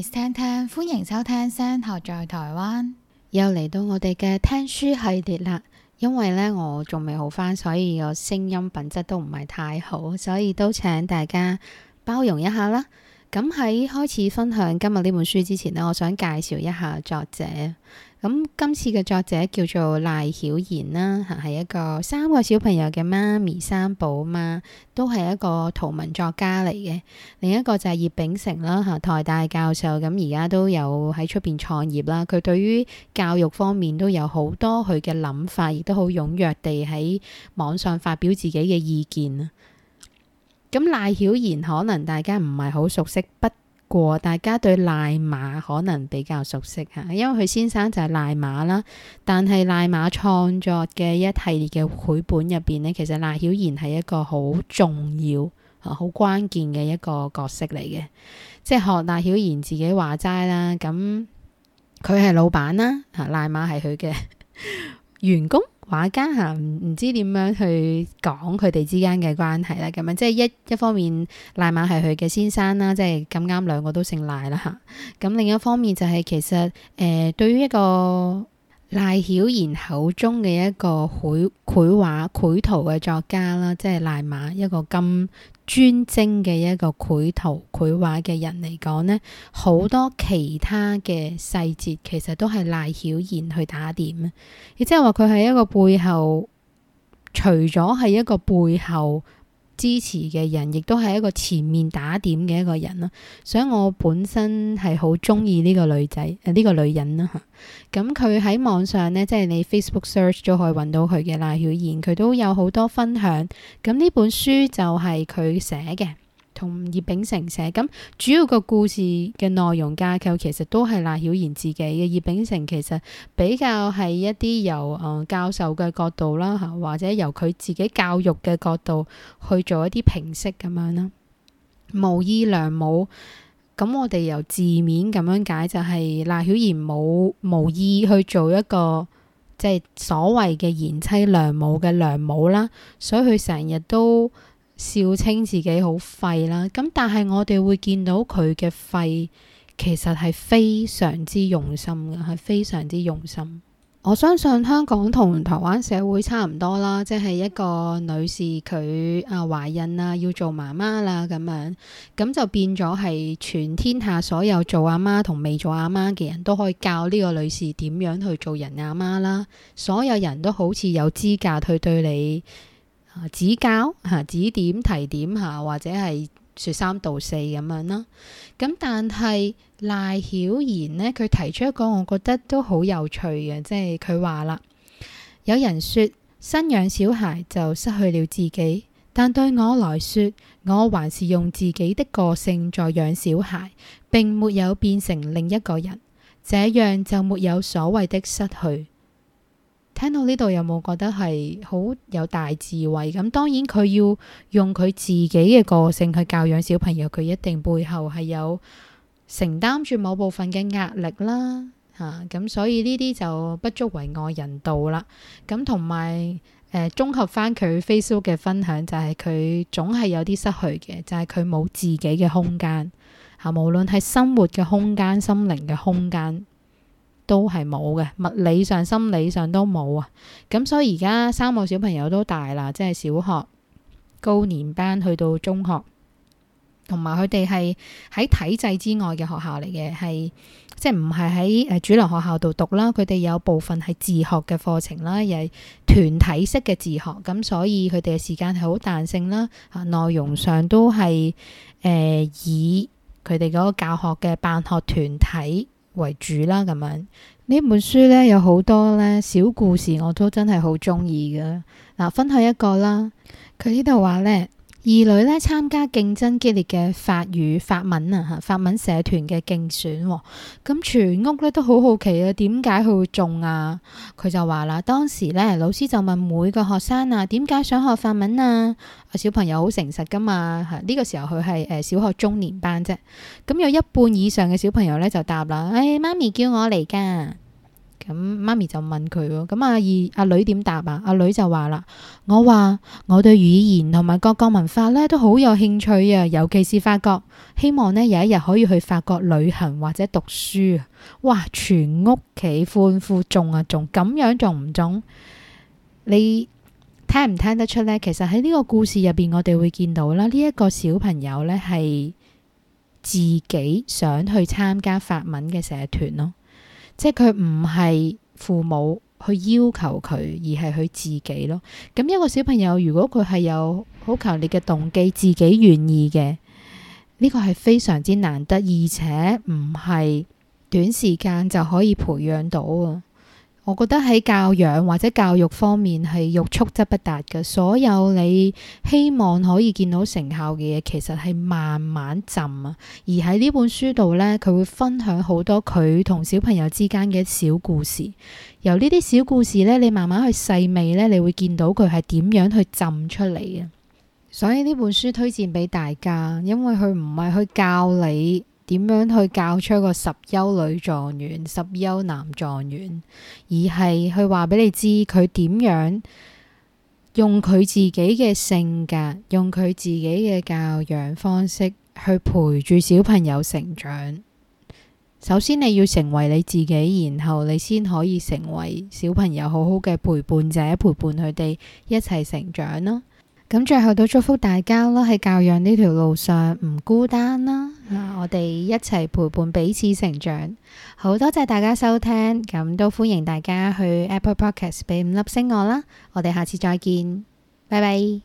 聽聽，歡迎收聽《聲學在台灣》，又嚟到我哋嘅聽書系列啦。因為呢，我仲未好返，所以個聲音品質都唔係太好，所以都請大家包容一下啦。咁喺開始分享今日呢本書之前呢，我想介紹一下作者。咁今次嘅作者叫做賴曉妍啦，吓係一個三個小朋友嘅媽咪三寶媽，都係一個圖文作家嚟嘅。另一個就係葉丙成啦，吓，台大教授，咁而家都有喺出邊創業啦。佢對於教育方面都有好多佢嘅諗法，亦都好踊躍地喺網上發表自己嘅意見。咁賴曉妍可能大家唔係好熟悉，不過大家對賴馬可能比較熟悉吓，因為佢先生就係賴馬啦。但係賴馬創作嘅一系列嘅繪本入邊咧，其實賴曉妍係一個好重要、啊好關鍵嘅一個角色嚟嘅。即係學賴曉妍自己話齋啦，咁佢係老闆啦，啊賴馬係佢嘅員工。畫家嚇，唔、啊、唔知點樣去講佢哋之間嘅關係啦，咁樣即係一一方面賴馬係佢嘅先生啦，即係咁啱兩個都姓賴啦嚇。咁另一方面就係、是、其實誒、呃、對於一個。賴曉妍口中嘅一個繪繪畫繪圖嘅作家啦，即係賴馬一個咁專精嘅一個繪圖繪畫嘅人嚟講咧，好多其他嘅細節其實都係賴曉妍去打點啊！亦即係話佢係一個背後，除咗係一個背後。支持嘅人，亦都係一個前面打點嘅一個人啦，所以我本身係好中意呢個女仔誒，呢、呢個女人啦。咁佢喺網上咧，即係你 Facebook search 都可以揾到佢嘅賴曉妍，佢都有好多分享。咁、嗯、呢本書就係佢寫嘅。同葉丙成寫，咁主要個故事嘅內容架構其實都係賴曉妍自己嘅，葉丙成其實比較係一啲由誒教授嘅角度啦，或者由佢自己教育嘅角度去做一啲評析咁樣啦。無意良母，咁我哋由字面咁樣解就係、是、賴曉妍冇無意去做一個即係、就是、所謂嘅賢妻良母嘅良母啦，所以佢成日都。笑稱自己好廢啦，咁但係我哋會見到佢嘅廢其實係非常之用心嘅，係非常之用心。 我相信香港同台灣社會差唔多啦，即係一個女士佢啊懷孕啦，要做媽媽啦咁樣，咁就變咗係全天下所有做阿媽同未做阿媽嘅人都可以教呢個女士點樣去做人阿媽啦，所有人都好似有資格去對你。指教、哈指點、提點、哈或者係說三道四咁樣啦。咁但係賴曉妍呢，佢提出一個我覺得都好有趣嘅，即係佢話啦。有人說生養小孩就失去了自己，但對我來說，我還是用自己的個性在養小孩，並沒有變成另一個人，這樣就沒有所謂的失去。聽到呢度有冇覺得係好有大智慧？咁當然佢要用佢自己嘅個性去教養小朋友，佢一定背後係有承擔住某部分嘅壓力啦嚇。咁、啊、所以呢啲就不足為外人道啦。咁同埋誒綜合返佢 Facebook 嘅分享，就係、是、佢總係有啲失去嘅，就係佢冇自己嘅空間嚇、啊，無論係生活嘅空間、心靈嘅空間。都係冇嘅，物理上、心理上都冇啊。咁所以而家三個小朋友都大啦，即係小學高年班去到中學，同埋佢哋係喺體制之外嘅學校嚟嘅，係即係唔係喺主流學校度讀啦。佢哋有部分係自學嘅課程啦，又係團體式嘅自學。咁所以佢哋嘅時間係好彈性啦。啊，內容上都係誒、呃、以佢哋嗰個教學嘅辦學團體。為主啦，咁樣呢本書呢，有好多呢小故事，我都真係好鍾意㗎。嗱、啊，分享一個啦，佢呢度話呢。二女呢參加競爭激烈嘅法語法文啊吓，法文社團嘅競選，咁、哦、全屋呢都好好奇啊，點解佢會中啊？佢就話啦，當時呢，老師就問每個學生啊，點解想學法文啊？小朋友好誠實噶嘛，吓、啊、呢、這個時候佢係誒小學中年班啫，咁、嗯、有一半以上嘅小朋友呢，就答啦，唉、哎，媽咪叫我嚟噶。咁媽咪就問佢喎，咁阿二阿女點答啊？阿女就話啦：我話我對語言同埋各國文化呢都好有興趣啊，尤其是法國，希望呢有一日可以去法國旅行或者讀書。哇！全屋企歡呼眾啊，仲咁、啊、樣仲唔中？你聽唔聽得出呢？其實喺呢個故事入邊，我哋會見到啦，呢一個小朋友呢，係自己想去參加法文嘅社團咯。即係佢唔係父母去要求佢，而係佢自己咯。咁一個小朋友如果佢係有好強烈嘅動機，自己願意嘅，呢個係非常之難得，而且唔係短時間就可以培養到啊。我覺得喺教養或者教育方面係欲速則不達嘅，所有你希望可以見到成效嘅嘢，其實係慢慢浸啊。而喺呢本書度呢，佢會分享好多佢同小朋友之間嘅小故事。由呢啲小故事呢，你慢慢去細味呢，你會見到佢係點樣去浸出嚟嘅。所以呢本書推薦俾大家，因為佢唔係去教你。點樣去教出一個十優女狀元、十優男狀元，而係去話俾你知，佢點樣用佢自己嘅性格、用佢自己嘅教養方式去陪住小朋友成長。首先，你要成為你自己，然後你先可以成為小朋友好好嘅陪伴者，陪伴佢哋一齊成長啦。咁最後都祝福大家啦，喺教養呢條路上唔孤單啦，嗯啊，我哋一齊陪伴彼此成長。好多謝大家收聽，咁都歡迎大家去 Apple Podcast 俾五粒星我啦，我哋下次再見，拜拜。